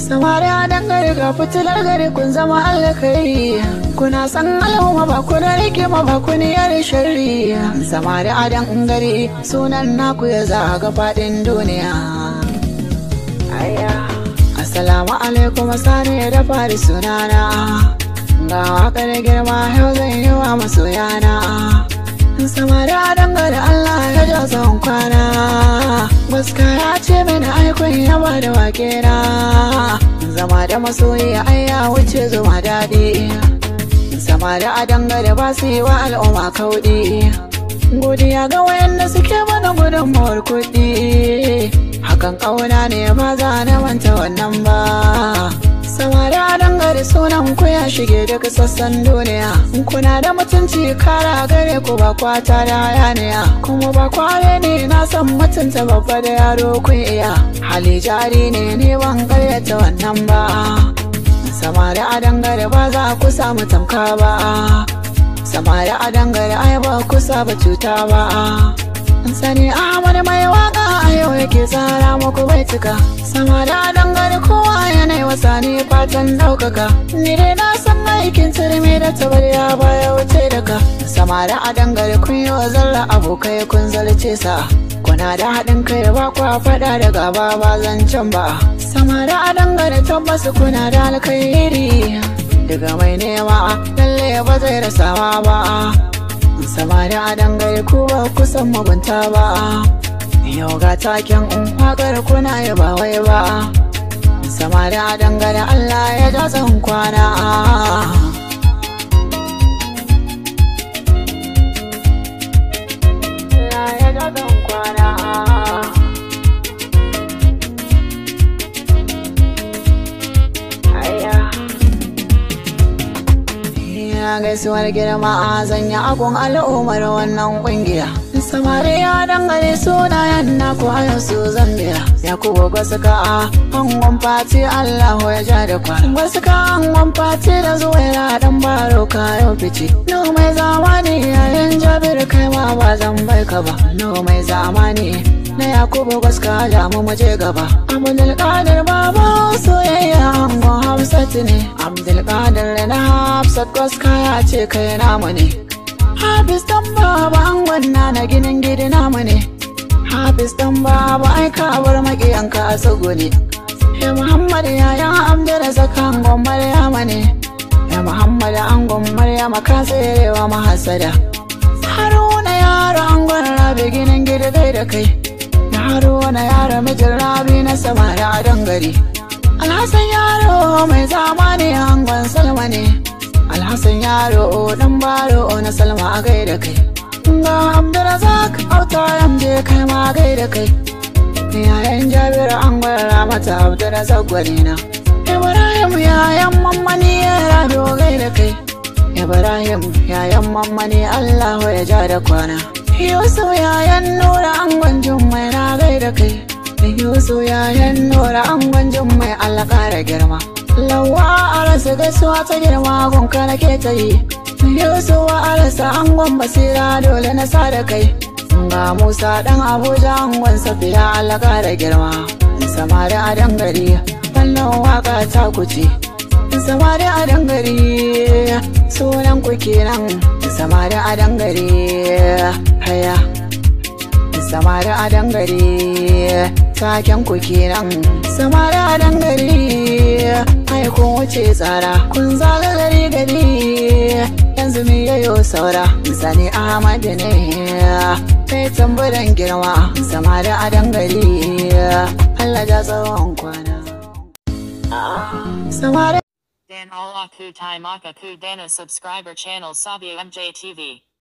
samariya dan gari ga fitilar gari kun zama alkhairi kuna san al'umma ba na rike ma ba ku ni yar sharri samariya dan gari sunan naku ya zaga fadin duniya Assalamu alaikum sani da fari sunana ga wakar girma yau zan yi wa masoyana samara da Allah ya ja zan kwana gaskara ce mini aikun yawa da wake na zama da masoyi ai ya wuce zuma daɗi zama da a dangare ba su yi wa al'umma kauɗi godiya ga wayanda suke mana gudunmawar kuɗi hakan ƙauna ne ba za na manta wannan ba sunan ku ya shige duk sassan duniya kuna da mutunci kara gare ku ba kwata da hayaniya kuma ba kware ne na san mutunta babba da yaro kun iya hali jari ne ne ban karyata wannan ba samari a dangare ba za ku samu tamka ba samari a ai ba ku saba cuta ba sani ahmad mai waka a yau yake tsara muku bai cika sama da dangane kowa yanayi wasa ne fatan daukaka ni dai na san maikin turmi da tabarya baya wuce daga sama da a dangare kun yi wa zalla abokai kun zalce sa kuna da haɗin kai ba kwa faɗa da gaba ba zancen ba sama da a tabbas kuna da alkhairi daga mai nema lalle ba zai rasawa ba sama da a dangare kuwa kusan mabunta ba yau ga taken in kwakar kuna ya ba wai ba sama da dangane Allah ya zan kwana gaisuwar girma a zanya agun al'ummar wannan ƙungiya. samari ya dangane sunayen na haya su zambia ya gogo suka a ah, hangon fati allahu ya ja da kwana gwasu a hangon fati da zuwa ya dan baro kayan fice no mai zamani yayin jabir kai ma ba zan bai ka ba no mai zamani na yakubu gaska da mu muje gaba abdul qadir baba soyayya hangon hafsat ne abdul qadir na hafsat gaska ce kai namu ne Habis dan baba angon na na ginin gidi namu ne. Habis dan baba ai ka bar maƙiyanka a sago ne. Ya Muhammad ya ya amdara zakan gommar yama ne. Ya Muhammad an gommar yama ka tserewa mahasada. Haruna yaro angon rabe ginin gidi dai da kai. Haruna yaro mijin rabi na samari don gari. Alhassan yaro mai zamani angon salma ne. alhassan yaro dan baro na salma a gaida kai ga abdurazak auta je kai ma da kai yayan jabir an gwara mata gwani na. ibrahim yayan mammani ya rado gaida kai ibrahim yayan mammani Allah ya ja da kwana yusuf yayan nura an gwanjin mai na gaida kai yusuf yayan nura an gwanjin mai allah ƙara girma lawa a rasa gaisuwa ta girma gunka na ta yi wa a rasa angon basira dole na sa da kai ga musa dan abuja angon safiya alaka da girma samari a dangare wannan waka ta kuce samari a dangare sunan ku kenan samari a dangare haya samari a dangare kakin ku kenan samara dan gari ai kun wuce tsara kun zaga gari gari yanzu mi yayo saura misali ahmad ne kai tambaran girma samara a dan gari Allah ja tsawon kwana samara Dan Allah ku taimaka then a subscriber channel Sabi MJ TV